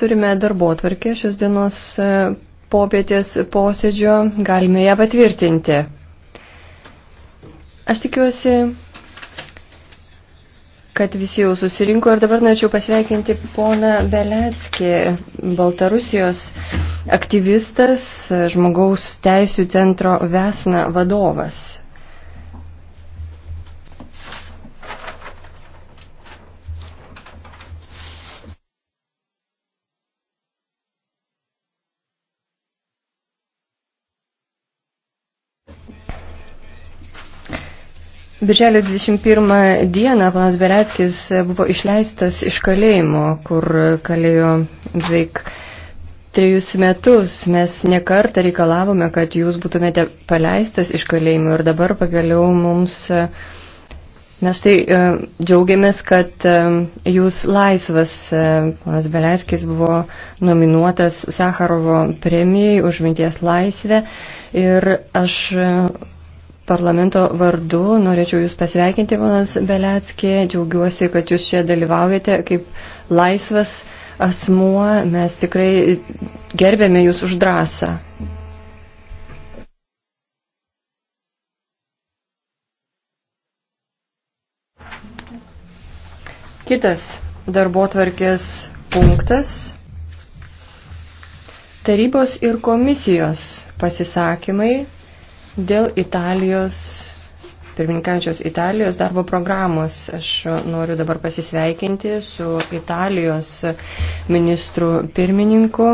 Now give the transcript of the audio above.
Turime darbo atvarkę šios dienos e, popietės posėdžio, galime ją patvirtinti. Aš tikiuosi, kad visi jau susirinko ir dabar norėčiau pasveikinti poną Beletskį, Baltarusijos aktyvistas, žmogaus teisų centro Vesna vadovas. Birželio 21 dieną panas Bereckis buvo išleistas iš kalėjimo, kur kalėjo beveik trejus metus. Mes nekartą reikalavome, kad jūs būtumėte paleistas iš kalėjimo ir dabar pagaliau mums. Na štai e, džiaugiamės, kad e, jūs laisvas, e, panas Beleskis buvo nominuotas Sakarovo premijai už minties laisvę ir aš parlamento vardu norėčiau Jūs pasveikinti, vanas Beletskė. Džiaugiuosi, kad Jūs čia dalyvaujate kaip laisvas asmuo. Mes tikrai gerbėme Jūs už drąsą. Kitas darbo tvarkės punktas. Tarybos ir komisijos pasisakymai Dėl Italijos, pirmininkančios Italijos darbo programos, aš noriu dabar pasisveikinti su Italijos ministru pirmininku.